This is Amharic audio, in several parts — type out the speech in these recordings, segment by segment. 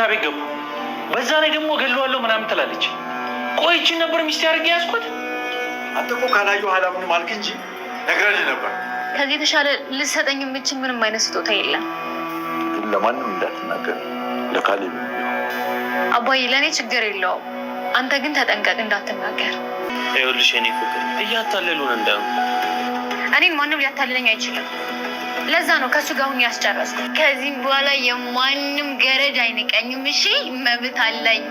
መኝታ ቤት ገቡ። በዛ ላይ ደግሞ እገለዋለሁ ምናምን ትላለች። ቆይችን ነበር ሚስቴ አድርጌ ያዝኩት። አንተ እኮ ኋላ ምንም አልክ እንጂ ነግረን ነበር። ከዚህ የተሻለ ልሰጠኝ የምችል ምንም አይነት ስጦታ የለም። ግን ለማንም እንዳትናገር ለካሌብ። አባዬ ለእኔ ችግር የለውም። አንተ ግን ተጠንቀቅ እንዳትናገር። ይኸውልሽ እኔ ፍቅር እያታለሉን እንዳይሆን እኔን ማንም ሊያታልለኝ አይችልም። ለዛ ነው ከሱ ጋር ሁን ያስጨረስኩ። ከዚህም በኋላ የማንም ገረድ አይንቀኝም። እሺ መብት አለኝ።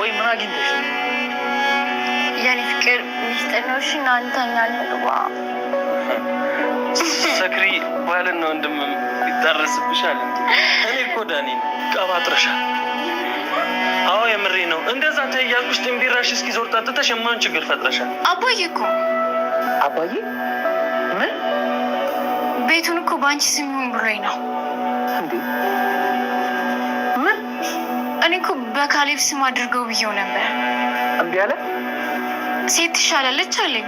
ወይ ምን አግኝተሽ የኔ ፍቅር ሚስጥር ነው። እሺ ናንተኛ ሰክሪ ሰክሪ ነው ወንድም ይዳረስብሻል። እኔ እኮ ዳኒ ቀባጥረሻል። አዎ የምሬ ነው። እንደዛ ተያልኩሽ ጥንቢራሽ እስኪ ዞር ጠጥተሽ የማን ችግር ፈጥረሻል። አባዬ እኮ አባዬ ቤቱን እኮ በአንቺ ስም ይሁን ብሎኝ ነው። ምን? እኔ እኮ በካሌብ ስም አድርገው ብየው ነበር። እምቢ አለ። ሴት ትሻላለች አለኝ።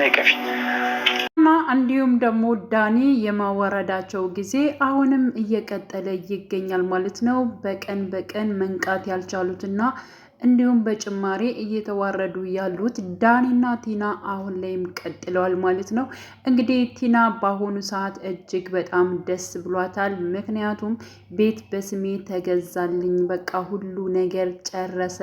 ነቀፊ እና እንዲሁም ደግሞ ዳኒ የማዋረዳቸው ጊዜ አሁንም እየቀጠለ ይገኛል ማለት ነው። በቀን በቀን መንቃት ያልቻሉትና እንዲሁም በጭማሪ እየተዋረዱ ያሉት ዳኒና ቲና አሁን ላይም ቀጥለዋል ማለት ነው። እንግዲህ ቲና በአሁኑ ሰዓት እጅግ በጣም ደስ ብሏታል። ምክንያቱም ቤት በስሜ ተገዛልኝ፣ በቃ ሁሉ ነገር ጨረሰ፣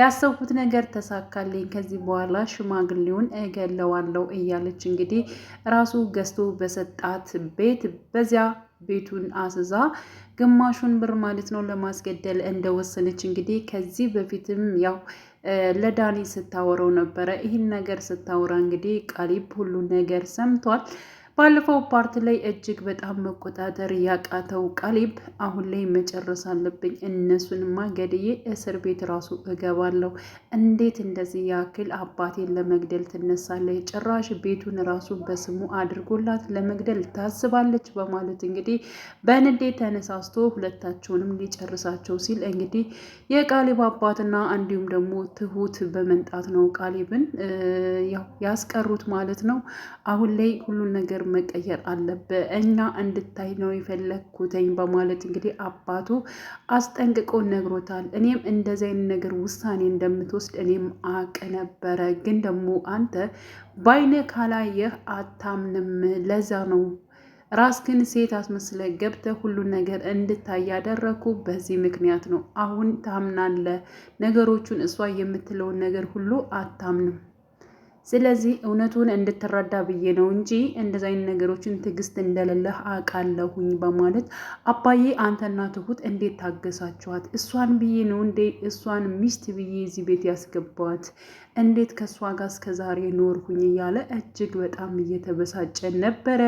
ያሰብኩት ነገር ተሳካልኝ፣ ከዚህ በኋላ ሽማግሌውን እገለዋለሁ እያለች እንግዲህ ራሱ ገዝቶ በሰጣት ቤት በዚያ ቤቱን አስዛ ግማሹን ብር ማለት ነው ለማስገደል እንደወሰነች እንግዲህ ከዚህ በፊትም ያው ለዳኒ ስታወረው ነበረ። ይህን ነገር ስታወራ እንግዲህ ቃሊብ ሁሉ ነገር ሰምቷል። ባለፈው ፓርት ላይ እጅግ በጣም መቆጣጠር ያቃተው ቃሊብ አሁን ላይ መጨረስ አለብኝ፣ እነሱንማ ገድዬ እስር ቤት ራሱ እገባለሁ። እንዴት እንደዚህ ያክል አባቴን ለመግደል ትነሳለህ? ጭራሽ ቤቱን ራሱ በስሙ አድርጎላት ለመግደል ታስባለች በማለት እንግዲህ በንዴት ተነሳስቶ ሁለታቸውንም ሊጨርሳቸው ሲል እንግዲህ የቃሊብ አባትና እንዲሁም ደግሞ ትሁት በመንጣት ነው ቃሊብን ያስቀሩት ማለት ነው። አሁን ላይ ሁሉን ነገር መቀየር አለብህ፣ እኛ እንድታይ ነው የፈለግኩትኝ በማለት እንግዲህ አባቱ አስጠንቅቆ ነግሮታል። እኔም እንደዚህ አይነት ነገር ውሳኔ እንደምትወስድ እኔም አቅ ነበረ፣ ግን ደግሞ አንተ ባይነ ካላየህ አታምንም። ለዛ ነው ራስ ግን ሴት አስመስለ ገብተ ሁሉን ነገር እንድታይ ያደረግኩ በዚህ ምክንያት ነው። አሁን ታምናለ ነገሮቹን እሷ የምትለውን ነገር ሁሉ አታምንም። ስለዚህ እውነቱን እንድትረዳ ብዬ ነው እንጂ እንደዚ አይነት ነገሮችን ትዕግስት እንደሌለህ አውቃለሁኝ በማለት አባዬ አንተና ትሁት እንዴት ታገሳችኋት? እሷን ብዬ ነው እንዴ እሷን ሚስት ብዬ እዚህ ቤት ያስገባት? እንዴት ከእሷ ጋር እስከ ዛሬ ኖርኩኝ? እያለ እጅግ በጣም እየተበሳጨ ነበረ።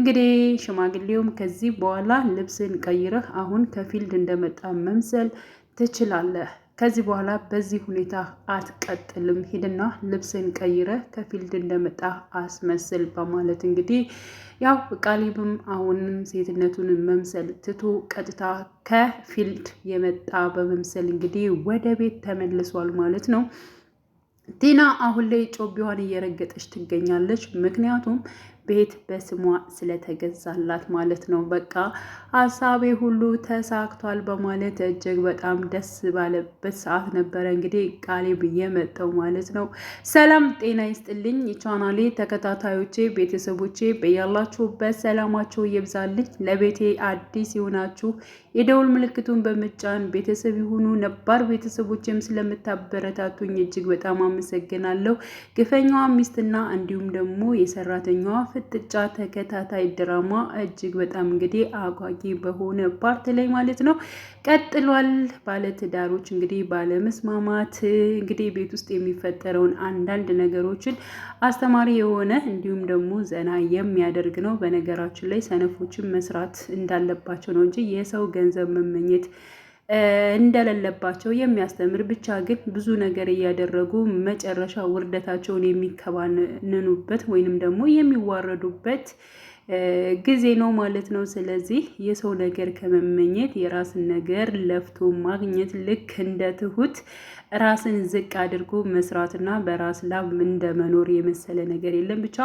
እንግዲህ ሽማግሌውም ከዚህ በኋላ ልብስን ቀይረህ አሁን ከፊልድ እንደመጣ መምሰል ትችላለህ ከዚህ በኋላ በዚህ ሁኔታ አትቀጥልም፣ ሂድና ልብስን ቀይረ ከፊልድ እንደመጣ አስመስል በማለት እንግዲህ ያው ቃሊብም አሁንም ሴትነቱን መምሰል ትቶ ቀጥታ ከፊልድ የመጣ በመምሰል እንግዲህ ወደ ቤት ተመልሷል ማለት ነው። ቲና አሁን ላይ ጮቢዋን እየረገጠች ትገኛለች። ምክንያቱም ቤት በስሟ ስለተገዛላት ማለት ነው። በቃ ሀሳቤ ሁሉ ተሳክቷል በማለት እጅግ በጣም ደስ ባለበት ሰዓት ነበረ እንግዲህ ቃሌብ የመጣው ማለት ነው። ሰላም ጤና ይስጥልኝ የቻናሌ ተከታታዮቼ ቤተሰቦቼ፣ በያላችሁበት ሰላማችሁ ይብዛልኝ። ለቤቴ አዲስ ይሆናችሁ የደውል ምልክቱን በምጫን ቤተሰብ የሆኑ ነባር ቤተሰቦችም ስለምታበረታቱኝ እጅግ በጣም አመሰግናለሁ። ግፈኛዋ ሚስትና እንዲሁም ደግሞ የሰራተኛዋ ፍጥጫ ተከታታይ ድራማ እጅግ በጣም እንግዲህ አጓጊ በሆነ ፓርት ላይ ማለት ነው ቀጥሏል። ባለትዳሮች እንግዲህ ባለመስማማት እንግዲህ ቤት ውስጥ የሚፈጠረውን አንዳንድ ነገሮችን አስተማሪ የሆነ እንዲሁም ደግሞ ዘና የሚያደርግ ነው። በነገራችን ላይ ሰነፎችን መስራት እንዳለባቸው ነው እንጂ የሰው ገንዘብ መመኘት እንደሌለባቸው የሚያስተምር ብቻ ግን ብዙ ነገር እያደረጉ መጨረሻ ውርደታቸውን የሚከባንኑበት ወይንም ደግሞ የሚዋረዱበት ጊዜ ነው ማለት ነው። ስለዚህ የሰው ነገር ከመመኘት የራስን ነገር ለፍቶ ማግኘት ልክ እንደ ትሁት ራስን ዝቅ አድርጎ መስራትና በራስ ላብ እንደ መኖር የመሰለ ነገር የለም። ብቻ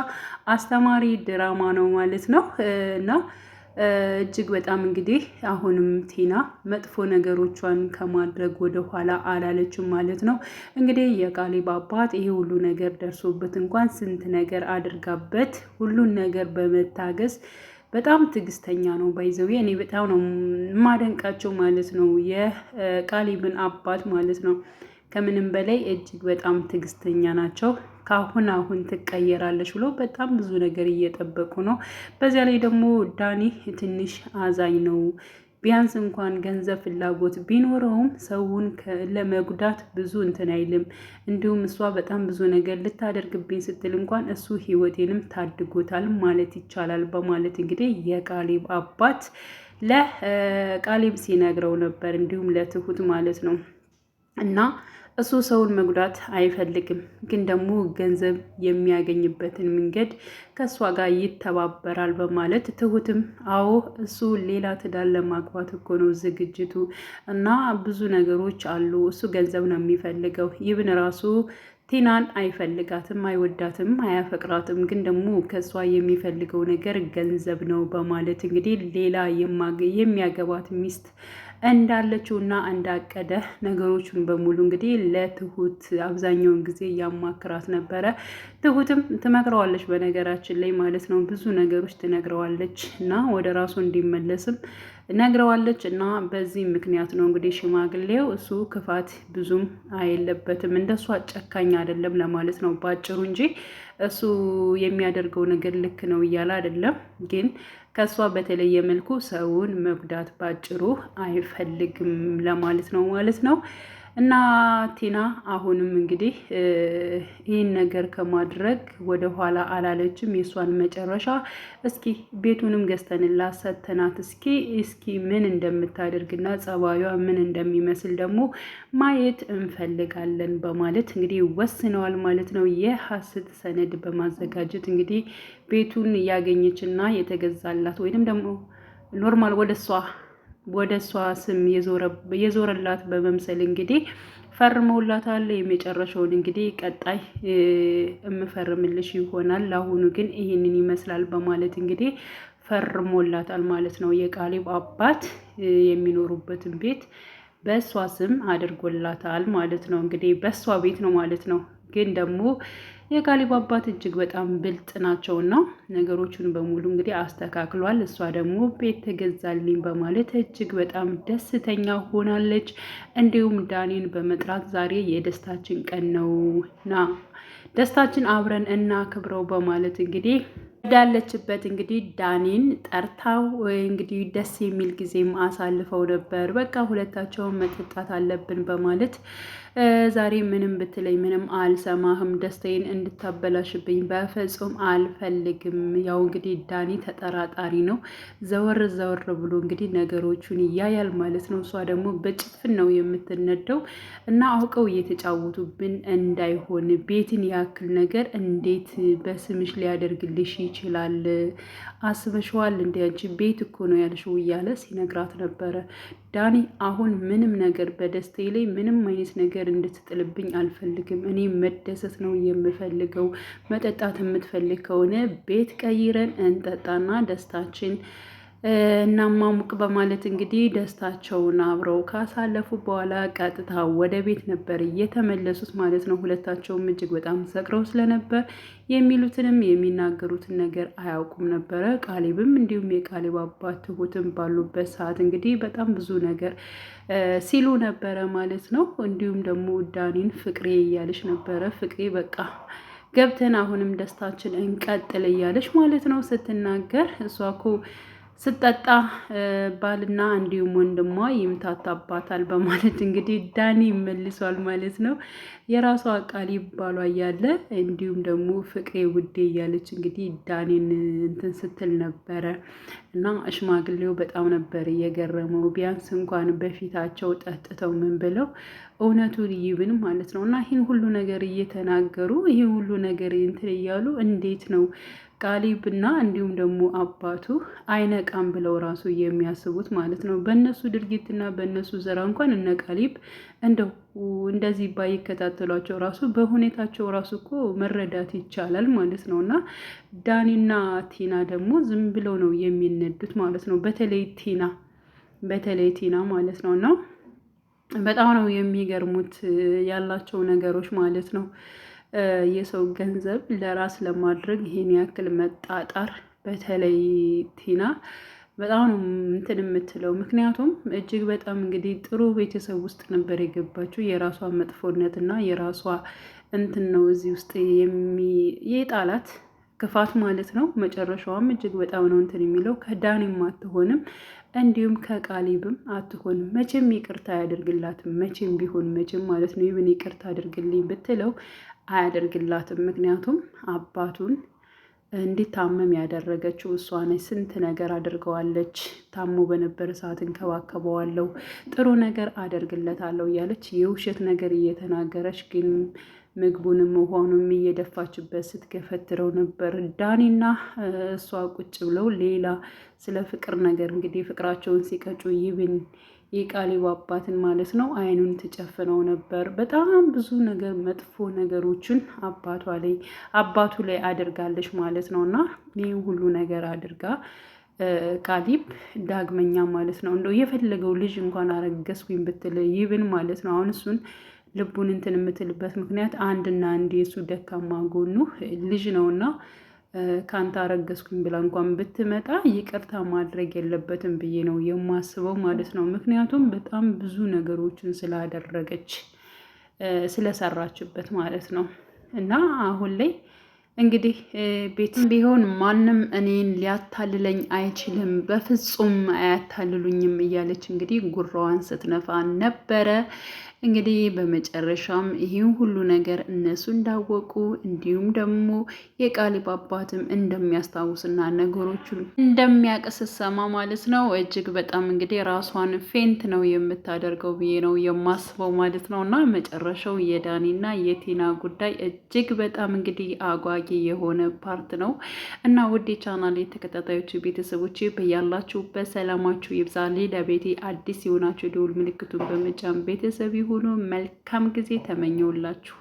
አስተማሪ ድራማ ነው ማለት ነው እና እጅግ በጣም እንግዲህ አሁንም ቲና መጥፎ ነገሮቿን ከማድረግ ወደ ኋላ አላለችም ማለት ነው። እንግዲህ የቃሌብ አባት ይሄ ሁሉ ነገር ደርሶበት እንኳን ስንት ነገር አድርጋበት ሁሉን ነገር በመታገስ በጣም ትዕግስተኛ ነው። ባይዘው እኔ በጣም ነው የማደንቃቸው ማለት ነው፣ የቃሌብን አባት ማለት ነው። ከምንም በላይ እጅግ በጣም ትዕግስተኛ ናቸው። ከአሁን አሁን ትቀየራለች ብሎ በጣም ብዙ ነገር እየጠበቁ ነው። በዚያ ላይ ደግሞ ዳኒ ትንሽ አዛኝ ነው። ቢያንስ እንኳን ገንዘብ ፍላጎት ቢኖረውም ሰውን ለመጉዳት ብዙ እንትን አይልም። እንዲሁም እሷ በጣም ብዙ ነገር ልታደርግብኝ ስትል እንኳን እሱ ሕይወቴንም ታድጎታል ማለት ይቻላል በማለት እንግዲህ የቃሌብ አባት ለቃሌብ ሲነግረው ነበር፣ እንዲሁም ለትሁት ማለት ነው እና እሱ ሰውን መጉዳት አይፈልግም፣ ግን ደግሞ ገንዘብ የሚያገኝበትን መንገድ ከእሷ ጋር ይተባበራል በማለት ትሁትም አዎ እሱ ሌላ ትዳር ለማግባት እኮ ነው ዝግጅቱ እና ብዙ ነገሮች አሉ። እሱ ገንዘብ ነው የሚፈልገው። ይብን ራሱ ቲናን አይፈልጋትም፣ አይወዳትም፣ አያፈቅራትም። ግን ደግሞ ከእሷ የሚፈልገው ነገር ገንዘብ ነው በማለት እንግዲህ ሌላ የሚያገባት ሚስት እንዳለችውና እንዳቀደ ነገሮቹን በሙሉ እንግዲህ ለትሁት አብዛኛውን ጊዜ እያማክራት ነበረ። ትሁትም ትመክረዋለች፣ በነገራችን ላይ ማለት ነው ብዙ ነገሮች ትነግረዋለች እና ወደ ራሱ እንዲመለስም ነግረዋለች እና በዚህ ምክንያት ነው እንግዲህ ሽማግሌው እሱ ክፋት ብዙም አየለበትም እንደሷ ጨካኝ አይደለም ለማለት ነው ባጭሩ እንጂ እሱ የሚያደርገው ነገር ልክ ነው እያለ አይደለም ግን ከእሷ በተለየ መልኩ ሰውን መጉዳት ባጭሩ አይፈልግም ለማለት ነው ማለት ነው እና ቲና አሁንም እንግዲህ ይህን ነገር ከማድረግ ወደ ኋላ አላለችም። የእሷን መጨረሻ እስኪ ቤቱንም ገዝተንላት ሰተናት እስኪ እስኪ ምን እንደምታደርግና ጸባዩዋ ምን እንደሚመስል ደግሞ ማየት እንፈልጋለን በማለት እንግዲህ ወስነዋል ማለት ነው። የሀሰት ሰነድ በማዘጋጀት እንግዲህ ቤቱን እያገኘችና የተገዛላት ወይንም ደግሞ ኖርማል ወደ እሷ ወደ እሷ ስም የዞረላት በመምሰል እንግዲህ ፈርመውላታል። የመጨረሻውን እንግዲህ ቀጣይ የምፈርምልሽ ይሆናል፣ ለአሁኑ ግን ይህንን ይመስላል በማለት እንግዲህ ፈርሞላታል ማለት ነው። የቃሊብ አባት የሚኖሩበትን ቤት በእሷ ስም አድርጎላታል ማለት ነው። እንግዲህ በእሷ ቤት ነው ማለት ነው ግን ደግሞ የካሊብ አባት እጅግ በጣም ብልጥ ናቸውና ነገሮቹን በሙሉ እንግዲህ አስተካክሏል። እሷ ደግሞ ቤት ተገዛልኝ በማለት እጅግ በጣም ደስተኛ ሆናለች። እንዲሁም ዳኒን በመጥራት ዛሬ የደስታችን ቀን ነው ና ደስታችን አብረን እናክብረው በማለት እንግዲህ ወዳለችበት እንግዲህ ዳኒን ጠርታው እንግዲህ ደስ የሚል ጊዜም አሳልፈው ነበር። በቃ ሁለታቸውን መጠጣት አለብን በማለት ዛሬ ምንም ብትለኝ ምንም አልሰማህም። ደስታዬን እንድታበላሽብኝ በፍጹም አልፈልግም። ያው እንግዲህ ዳኒ ተጠራጣሪ ነው። ዘወር ዘወር ብሎ እንግዲህ ነገሮቹን እያያል ማለት ነው። እሷ ደግሞ በጭፍን ነው የምትነደው እና አውቀው እየተጫወቱብን እንዳይሆን ቤትን ያክል ነገር እንዴት በስምሽ ሊያደርግልሽ ይችላል? አስበሽዋል? እንዲያንቺ ቤት እኮ ነው ያልሽው እያለ ሲነግራት ነበረ። ዳኒ አሁን ምንም ነገር በደስታዬ ላይ ምንም አይነት ነገር እንድትጥልብኝ አልፈልግም። እኔ መደሰት ነው የምፈልገው። መጠጣት የምትፈልግ ከሆነ ቤት ቀይረን እንጠጣና ደስታችን እናማሙቅ በማለት እንግዲህ ደስታቸውን አብረው ካሳለፉ በኋላ ቀጥታ ወደ ቤት ነበር እየተመለሱት ማለት ነው። ሁለታቸውም እጅግ በጣም ሰቅረው ስለነበር የሚሉትንም የሚናገሩትን ነገር አያውቁም ነበረ። ቃሊብም እንዲሁም የቃሊብ አባት ትሁትም ባሉበት ሰዓት እንግዲህ በጣም ብዙ ነገር ሲሉ ነበረ ማለት ነው። እንዲሁም ደግሞ ዳኒን ፍቅሬ እያለች ነበረ። ፍቅሬ በቃ ገብተን አሁንም ደስታችን እንቀጥል እያለች ማለት ነው ስትናገር እሷ እኮ ስጠጣ ባልና እንዲሁም ወንድሟ ይምታታባታል በማለት እንግዲህ ዳኒ መልሷል ማለት ነው። የራሷ አቃሊ ባሏ እያለ እንዲሁም ደግሞ ፍቅሬ ውዴ እያለች እንግዲህ ዳኒን እንትን ስትል ነበረ እና ሽማግሌው በጣም ነበር እየገረመው። ቢያንስ እንኳን በፊታቸው ጠጥተው ምን ብለው እውነቱን ይብን ማለት ነው። እና ይህን ሁሉ ነገር እየተናገሩ ይህን ሁሉ ነገር እንትን እያሉ እንዴት ነው ቃሊብና እንዲሁም ደግሞ አባቱ አይነቃም ብለው ራሱ የሚያስቡት ማለት ነው። በእነሱ ድርጊትና በእነሱ ዘራ እንኳን እነ ቃሊብ እንደው እንደዚህ ባይከታተሏቸው ራሱ በሁኔታቸው ራሱ እኮ መረዳት ይቻላል ማለት ነው። እና ዳኒና ቲና ደግሞ ዝም ብለው ነው የሚነዱት ማለት ነው። በተለይ ቲና በተለይ ቲና ማለት ነው ነው በጣም ነው የሚገርሙት ያላቸው ነገሮች ማለት ነው። የሰው ገንዘብ ለራስ ለማድረግ ይሄን ያክል መጣጣር፣ በተለይ ቲና በጣም ነው እንትን የምትለው። ምክንያቱም እጅግ በጣም እንግዲህ ጥሩ ቤተሰብ ውስጥ ነበር የገባችው። የራሷ መጥፎነት እና የራሷ እንትን ነው እዚህ ውስጥ የጣላት ክፋት ማለት ነው። መጨረሻዋም እጅግ በጣም ነው እንትን የሚለው ከዳኒም አትሆንም። እንዲሁም ከቃሊብም አትሆንም። መቼም ይቅርታ አያደርግላትም። መቼም ቢሆን መቼም ማለት ነው ይብን ይቅርታ አድርግልኝ ብትለው አያደርግላትም። ምክንያቱም አባቱን እንዲታመም ያደረገችው እሷ ነች። ስንት ነገር አድርገዋለች። ታሞ በነበረ ሰዓት እንከባከበዋለሁ፣ ጥሩ ነገር አደርግለታለሁ እያለች የውሸት ነገር እየተናገረች ግን ምግቡንም ውሃውንም እየደፋችበት ስትገፈትረው ነበር። ዳኒና እሷ ቁጭ ብለው ሌላ ስለ ፍቅር ነገር እንግዲህ ፍቅራቸውን ሲቀጩ ይብን የቃሊብ አባትን ማለት ነው አይኑን ትጨፍነው ነበር። በጣም ብዙ ነገር መጥፎ ነገሮችን አባቷ ላይ አባቱ ላይ አድርጋለች ማለት ነው እና ይህ ሁሉ ነገር አድርጋ ቃሊብ ዳግመኛ ማለት ነው እንደው የፈለገው ልጅ እንኳን አረገዝኩኝ ብትል ይብን ማለት ነው አሁን እሱን ልቡን እንትን የምትልበት ምክንያት አንድና አንድ የሱ ደካማ ጎኑ ልጅ ነውና ከአንተ አረገዝኩኝ ብላ እንኳን ብትመጣ ይቅርታ ማድረግ የለበትም ብዬ ነው የማስበው ማለት ነው። ምክንያቱም በጣም ብዙ ነገሮችን ስላደረገች ስለሰራችበት ማለት ነው። እና አሁን ላይ እንግዲህ ቤት ቢሆን ማንም እኔን ሊያታልለኝ አይችልም፣ በፍጹም አያታልሉኝም እያለች እንግዲህ ጉራዋን ስትነፋ ነበረ። እንግዲህ በመጨረሻም ይህን ሁሉ ነገር እነሱ እንዳወቁ እንዲሁም ደግሞ የቃሊብ አባትም እንደሚያስታውስና ነገሮቹን እንደሚያውቅ ስሰማ ማለት ነው እጅግ በጣም እንግዲህ ራሷን ፌንት ነው የምታደርገው ብዬ ነው የማስበው ማለት ነው። እና መጨረሻው የዳኒና የቲና ጉዳይ እጅግ በጣም እንግዲህ አጓጊ የሆነ ፓርት ነው እና ውድ ቻናል የተከታታዮች ቤተሰቦች በያላችሁ በሰላማችሁ ይብዛል። ለቤቴ አዲስ የሆናችሁ ደውል ምልክቱን በመጫን ቤተሰብ ይሁን ሁሉ መልካም ጊዜ ተመኘውላችሁ።